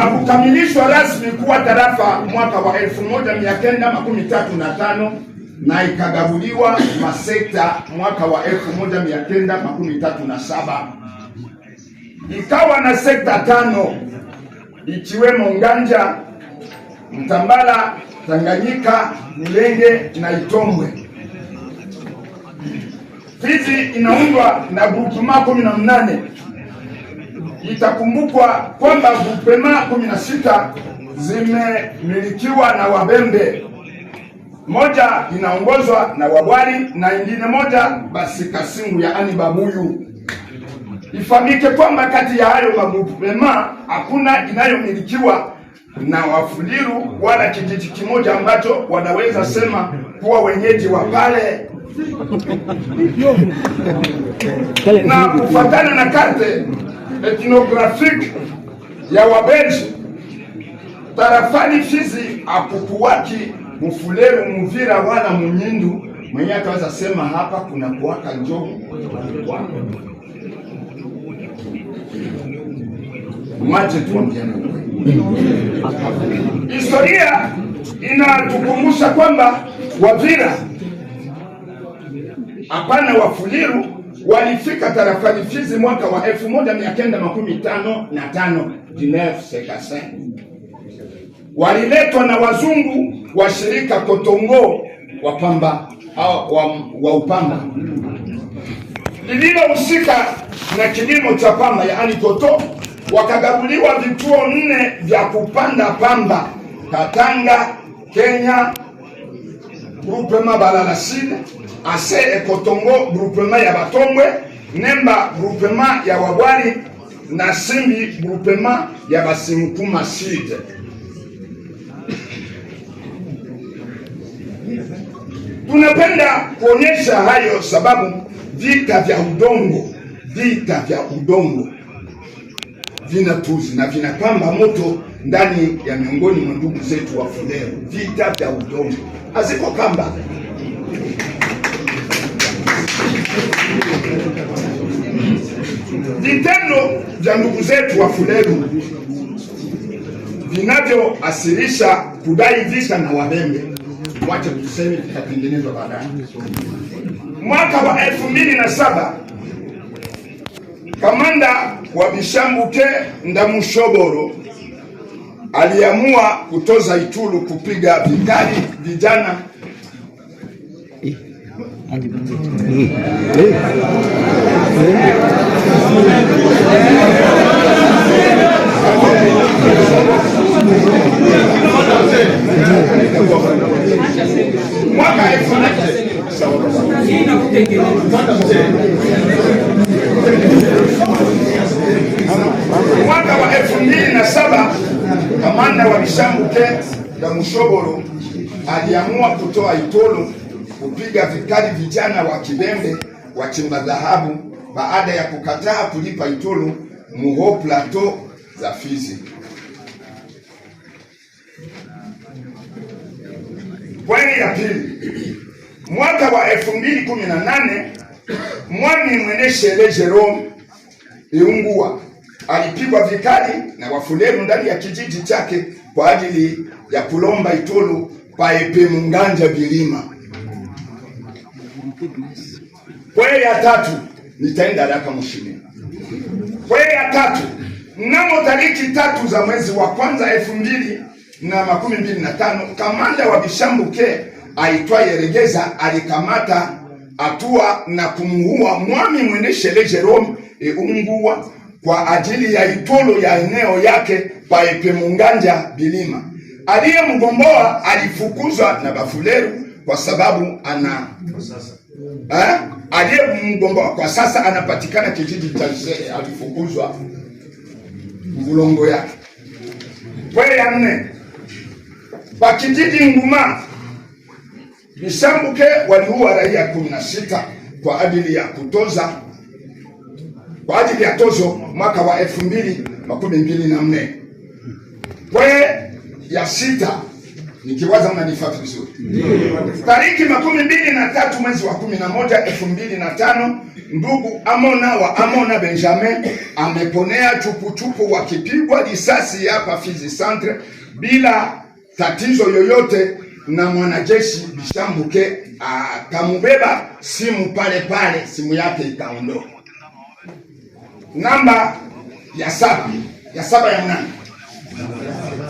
na kukamilishwa rasmi kuwa tarafa mwaka wa 1935 na ikagabuliwa masekta mwaka wa 1937 ikawa na sekta tano ikiwemo Nganja, Mtambala, Tanganyika, Mulenge na Itombwe. Fizi inaundwa na grupuma kumi na mnane Itakumbukwa kwamba vupema kumi na sita zimemilikiwa na Wabembe, moja inaongozwa na Wabwari na ingine moja basi Kasingu yaani Babuyu. Ifahamike kwamba kati ya hayo mavupema hakuna inayomilikiwa na Wafuliru wala kijiji kimoja ambacho wanaweza sema kuwa wenyeji wa pale na kufatana na karte ethnographique ya Wabeji tarafani Fizi, akukuwaki Mufuleru, Muvira wana Munyindu mwenye ataweza sema hapa kuna kuwaka njogu walikuwa maje. Tuambiane historia inatukumbusha kwamba Wavira hapana Wafuliru walifika tarafani Fizi mwaka wa elfu moja mia kenda makumi tano na tano waliletwa na wazungu wa shirika Kotongo wapamba au, wa, wa upamba lililohusika na kilimo cha pamba yaani koto. Wakagabuliwa vituo nne vya kupanda pamba Katanga, Kenya, Rupema, Balala sine ase ekotongo groupement ya batongwe nemba groupement ya wabwari na simbi groupement ya basimukuma sud tunapenda kuonyesha hayo sababu vita vya udongo vita vya udongo vinatuzi na vinapamba moto ndani ya miongoni mwa ndugu zetu wa Fuleru. Vita vya udongo azikokamba kamba vitendo vya ndugu zetu wa Fuleru vinavyoasilisha kudai visa na Wabembe, wacha tuseme, vitatengenezwa baadaye. Mwaka wa elfu mbili na saba kamanda wa Bishambuke Ndamushoboro aliamua kutoza Itulu kupiga vikali vijana eh. Eh mwaka wa elfu mbili na saba kamanda wa Bishanguke Gamushobolo aliamua kutoa itolo kupiga vikali vijana wa Kibembe wachimba dhahabu baada ya kukataa kulipa itulu muho plateau za Fizi. Pwani ya pili, mwaka wa elfu 2 kumi na nane mwami Mweneshele Jerome Iungua alipigwa vikali na Wafulelu ndani ya kijiji chake kwa ajili ya kulomba pa epe munganja bilima. Pwani ya tatu nitaenda haraka mheshimiwa. Kwa ya tatu, mnamo tariki tatu za mwezi wa kwanza elfu mbili na makumi mbili na tano kamanda wa Bishambuke aitwaye Regeza alikamata hatua na kumuua mwami Mweneshele Jerome Eunguwa kwa ajili ya itolo ya eneo yake paepemunganja bilima. Aliyemgomboa alifukuzwa na Bafuleru kwa sababu ana eh, aliyemgomboa kwa sasa anapatikana kijiji cha Shehe, alifukuzwa ulongo yake. Kweli ya nne kwa kijiji Nguma Nisambuke waliua raia kumi na sita kwa ajili ya kutoza kwa ajili ya tozo mwaka wa elfu mbili makumi mbili na nne. ya sita Nikiwaza mnanifuata vizuri. Tariki makumi mbili na tatu mwezi wa kumi na moja elfu mbili na tano ndugu Amona wa Amona Benjamin ameponea chupuchupu wakipigwa risasi hapa Fizi Centre bila tatizo yoyote, na mwanajeshi Bishambuke atamubeba ah, simu pale pale, simu yake itaondoka. Namba ya saba ya saba ya nane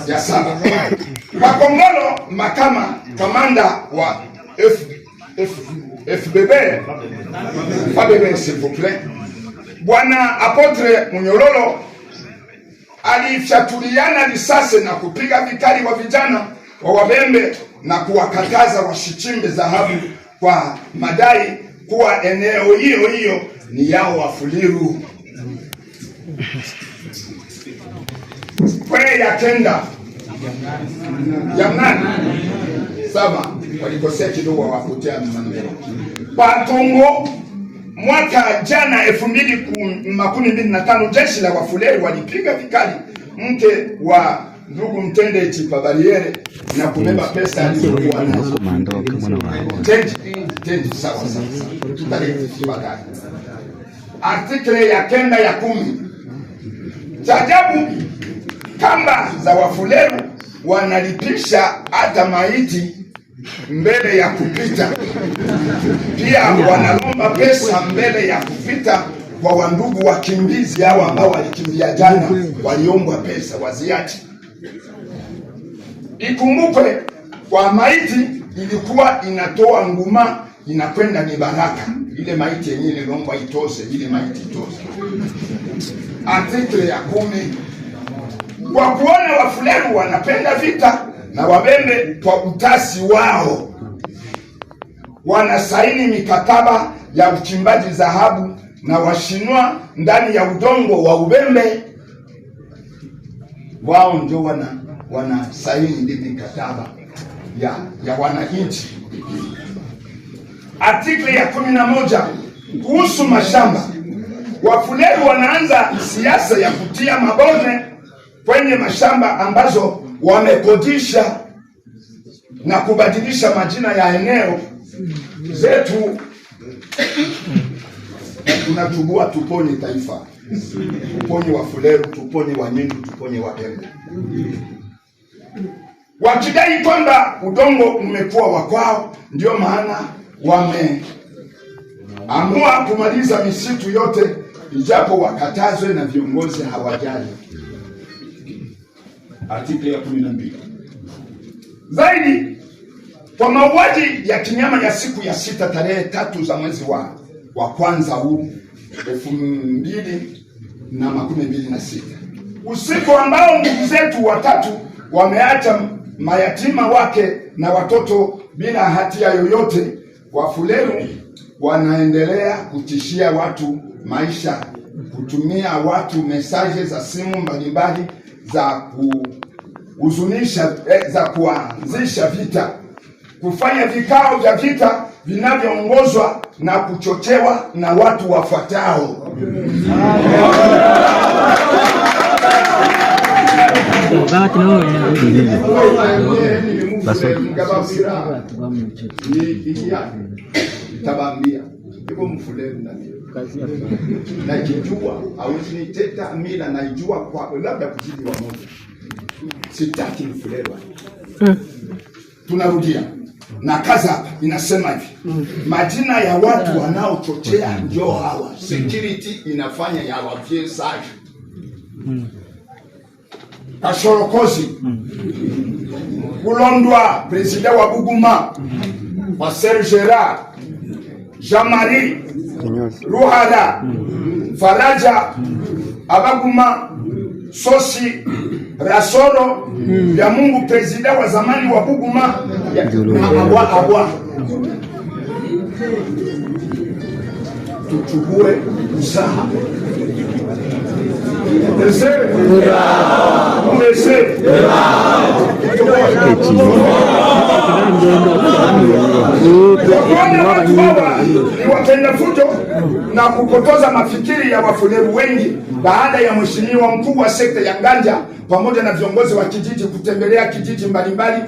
ya saba. Makongolo Makama, kamanda wa F, F, FBB FBB, s'il vous plaît, Bwana Apotre Munyololo alifyatuliana risase na kupiga vikali wa vijana wa Wabembe na kuwakataza washichimbe dhahabu kwa madai kuwa eneo hiyo hiyo ni yao Wafuliru spray ya tenda ya mnani sama walikosea kidogo, wawapotea kwa Batongo. Mwaka jana elfu mbili makumi mbili na tano jeshi la Wafuleri walipiga vikali mke wa ndugu Mtende Chipa Bariere na kubeba pesa alizokuwa nazo. tendi tendi Sawa sawa, tutalipata artikle ya kenda ya kumi cha ajabu kamba za Wafuleru wanalipisha hata maiti mbele ya kupita, pia wanalomba pesa mbele ya kupita kwa wandugu wakimbizi hawa ambao walikimbia jana, waliombwa pesa waziache. Ikumbukwe kwa maiti ilikuwa inatoa nguma inakwenda ni baraka. Ile maiti yenyewe iliomba itose, ile maiti itose. Artikle ya kumi kwa kuona Wafuleru wanapenda vita na Wabembe kwa utasi wao wanasaini mikataba ya uchimbaji dhahabu na Washinwa ndani ya udongo wa Ubembe. Wao ndio wana wanasaini ndi mikataba ya ya wananchi. Artikli ya kumi na moja kuhusu mashamba, Wafuleru wanaanza siasa ya kutia mabone kwenye mashamba ambazo wamekodisha na kubadilisha majina ya eneo zetu. Tunachugua tuponye taifa, tuponye Wafuleru, tuponye Wanyindu, tuponye Wabembe, wakidai kwamba udongo umekuwa wa kwao. Ndio maana wameamua kumaliza misitu yote, ijapo wakatazwe na viongozi hawajali artikli ya kumi na mbili. Zaidi kwa mauaji ya kinyama ya siku ya sita tarehe tatu za mwezi wa, wa kwanza huu elfu mbili na makumi mbili na sita usiku ambao ndugu zetu watatu wameacha mayatima wake na watoto bila hatia yoyote, Wafuleru wanaendelea kutishia watu maisha, kutumia watu mesaje za simu mbalimbali za ku huzunisha eh, za kuanzisha vita, kufanya vikao vya vita vinavyoongozwa na kuchochewa na watu wafuatao tabambia iko mfuleni na kijua au ni teta mila naijua kwa labda kuzidi wa moja sitaki mm. Eh. Tunarudia na kaza inasema hivi mm. majina ya watu wanaochochea ndio hawa. Security inafanya ya wafie sage mm. kashorokozi mm. kulondwa mm. wa Buguma mm. wa sergera Jamari Ruhara mm. Faraja mm. Abaguma Sosi Rasoro ya Mungu prezida wa zamani wa Buguma agwa agwa. Tuchukue usaha watenda fujo na kupotoza mafikiri ya wafuleru wengi baada ya mheshimiwa mkuu wa sekta ya Nganja pamoja na viongozi wa kijiji kutembelea kijiji mbalimbali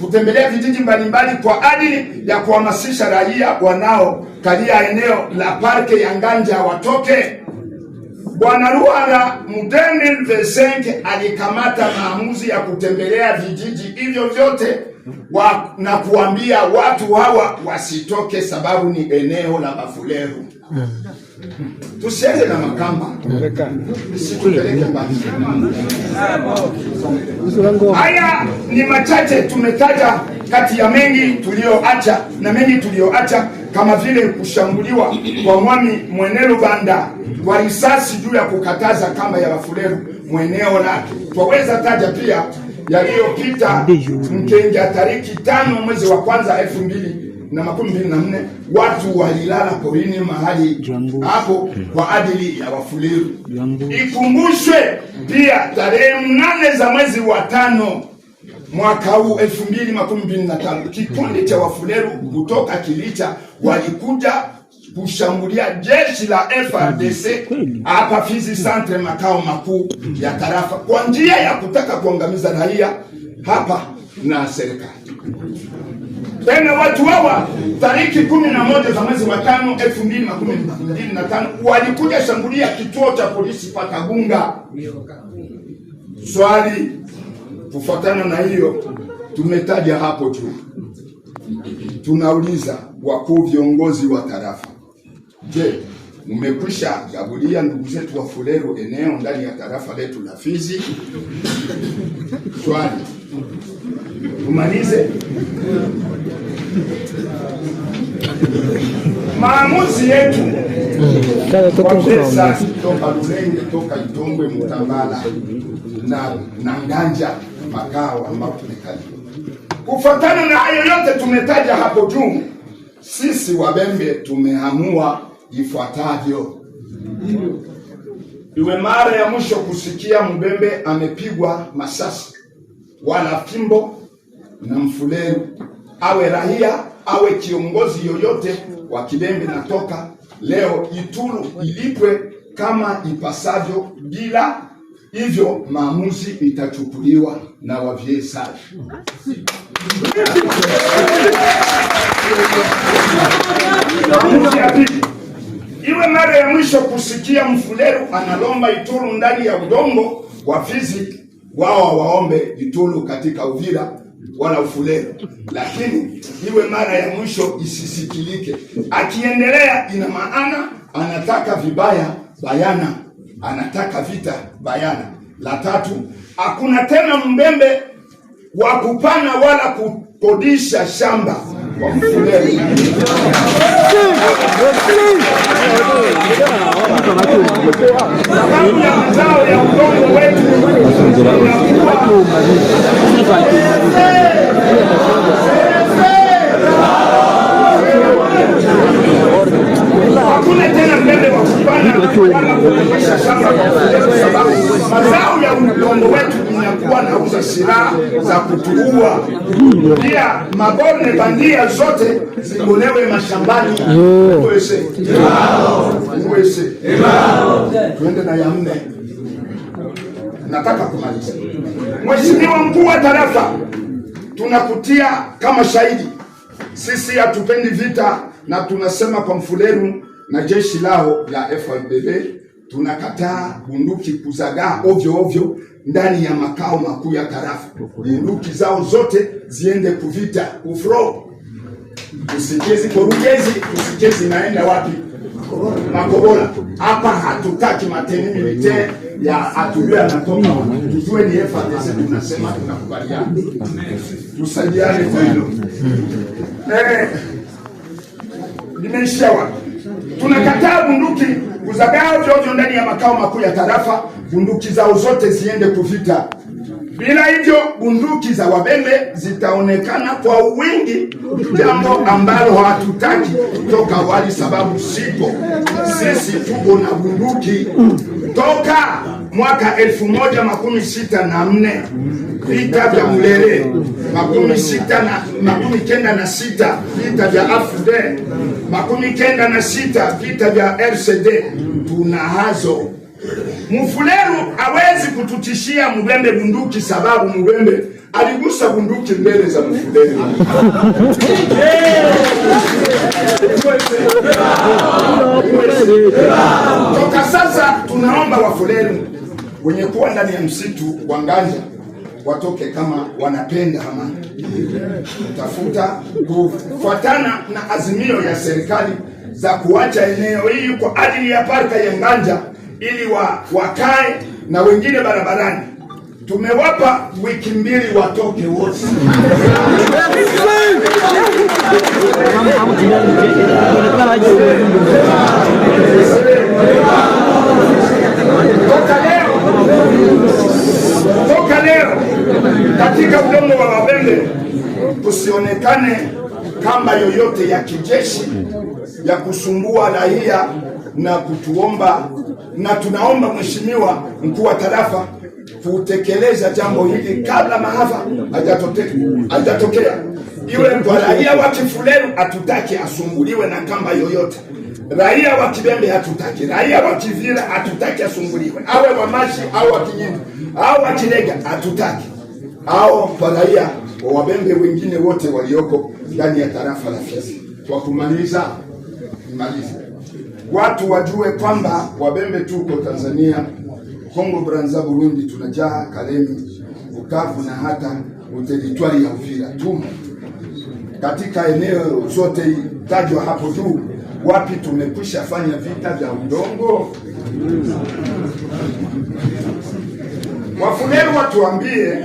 kutembelea vijiji mbalimbali kwa ajili ya kuhamasisha raia wanaokalia eneo la parke ya Nganja watoke Bwana Ruanda Mtende Vincent alikamata maamuzi ya kutembelea vijiji hivyo vyote wa, na kuambia watu hawa wasitoke sababu ni eneo la Bafuleru. Tusiende na makamba Haya ni machache tumetaja kati ya mengi tuliyoacha na mengi tuliyoacha kama vile kushambuliwa kwa Mwami Mwenelu Banda kwa risasi juu ya kukataza kamba ya wafuleru mweneo lake. Twaweza taja pia yaliyopita Mkenja, tariki tano mwezi wa kwanza elfu mbili na makumi mbili na nne watu walilala porini mahali hapo kwa ajili ya wafuleru Ikumbushwe pia tarehe mnane za mwezi wa tano mwaka huu elfu mbili makumi mbili na tano kikundi cha wafuleru kutoka Kilicha walikuja kushambulia jeshi la frdc hapa Fizi Centre, makao makuu ya tarafa, kwa njia ya kutaka kuangamiza raia hapa na serikali. Tena watu hawa tariki kumi na moja za mwezi wa tano elfu mbili makumi mbili na tano walikuja shambulia kituo cha polisi pakagunga swali Kufuatana na hiyo, tumetaja hapo tu, tunauliza wakuu viongozi wa tarafa, je, mmekwisha gabulia ndugu zetu wa Fulero eneo ndani ya tarafa letu la Fizi? Swali tumalize. Maamuzi yetu toka Lulenge, toka Itombwe, Mutambala na na Nganja magao ambayo tumetaja. Kufuatana na hayo yote tumetaja hapo juu, sisi Wabembe tumeamua ifuatavyo. Iwe mara ya mwisho kusikia Mbembe amepigwa masasi wala fimbo na mfuleru, awe rahia awe kiongozi yoyote wa Kibembe. Natoka leo Itulu ilipwe kama ipasavyo bila hivyo maamuzi itachukuliwa na wavyesaji. Iwe mara ya mwisho kusikia Mfuleru analomba Itulu ndani ya udongo wa Fizi. Wao waombe Itulu katika Uvira wala Ufuleru, lakini iwe mara ya mwisho isisikilike. Akiendelea, ina maana anataka vibaya bayana anataka vita bayana. La tatu, hakuna tena mbembe wa kupana wala kukodisha shamba kwa mfuleri. Sababu ya mazao ya udongo wetu hakuna tena mbembe wa zao ya udongo wetu inakuwa nauza silaha za kutuua pia. Mabone bandia zote zigolewe mashambani. Tuende na ya nne, nataka kumaliza. Mheshimiwa mkuu wa tarafa, tunakutia kama shahidi. Sisi hatupendi vita na tunasema kwa Mfuleru na jeshi lao la FARDC tunakataa bunduki kuzagaa ovyo ovyo ndani ya makao makuu ya tarafa. Bunduki zao zote ziende kuvita ufro usijezi korugezi usijezi naenda wapi? Makobola. Hapa hatutaki mateni militaire ya atulio anatoka, tujue ni FARDC. Tunasema tunakubaliana, tusaidiane kwa hilo. Eh, wapi? Tunakataa bunduki kuzagaa vyovyo ndani ya makao makuu ya tarafa. Bunduki zao zote ziende kuvita. Bila hivyo bunduki za wabembe zitaonekana kwa wingi, jambo ambalo hatutaki toka wali, sababu siko sisi tuko na bunduki toka mwaka elfu moja makumi sita na nne vita vya Mulele, makumi sita na makumi kenda na sita vita vya AFD, makumi kenda na sita vita vya RCD, tuna hazo Mfuleru hawezi kututishia Mgwembe bunduki, sababu Mgwembe aligusa bunduki mbele za Mfuleru. Toka sasa tunaomba Wafuleru wenye kuwa ndani ya msitu wa Nganja watoke kama wanapenda amani, kutafuta kufuatana na azimio ya serikali za kuacha eneo hili kwa ajili ya parka ya Nganja ili wa, wakae na wengine barabarani. Tumewapa wiki mbili watoke wote. Toka leo katika udongo wa mabembe tusionekane kamba yoyote ya kijeshi ya kusumbua raia na kutuomba na tunaomba Mheshimiwa mkuu wa tarafa kutekeleza jambo hili kabla maafa hajatokea. iwe kwa raia wa Kifuleru, hatutaki asumbuliwe na kamba yoyote. Raia wa Kibembe hatutaki, raia wa Kivira hatutaki asumbuliwe, awe wa Mashi au wa Kinyindu au wa Kirega, hatutaki au kwa raia wa Wabembe wengine wote walioko ndani ya tarafa la Fizi. Kwa kumaliza maliza watu wajue kwamba Wabembe tuko Tanzania, Kongo Brazza, Burundi, tunajaa Kalemi, Bukavu na hata uteritwari ya Uvira. tu katika eneo zote tajwa hapo juu, wapi tumekwisha fanya vita vya udongo. Wafuneru watuambie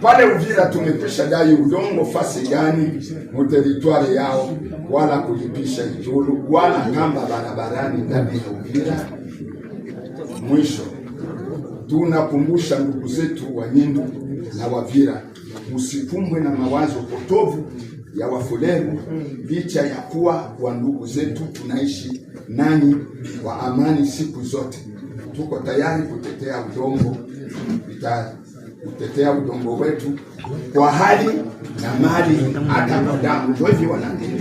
pale Uvira tumepisha dai udongo fasi gani muteritwari yao, wala kulipisha itulu wala kamba barabarani ndani ya Uvira. Mwisho tunakumbusha ndugu zetu wa Nyindu na Wavira, musikumbwe na mawazo potovu ya Wafuleru, licha ya kuwa wa ndugu zetu, tunaishi nani kwa amani siku zote, tuko tayari kutetea udongo vitari kutetea udongo wetu kwa hali na mali hata kwa damu. Ndio hivyo wanadini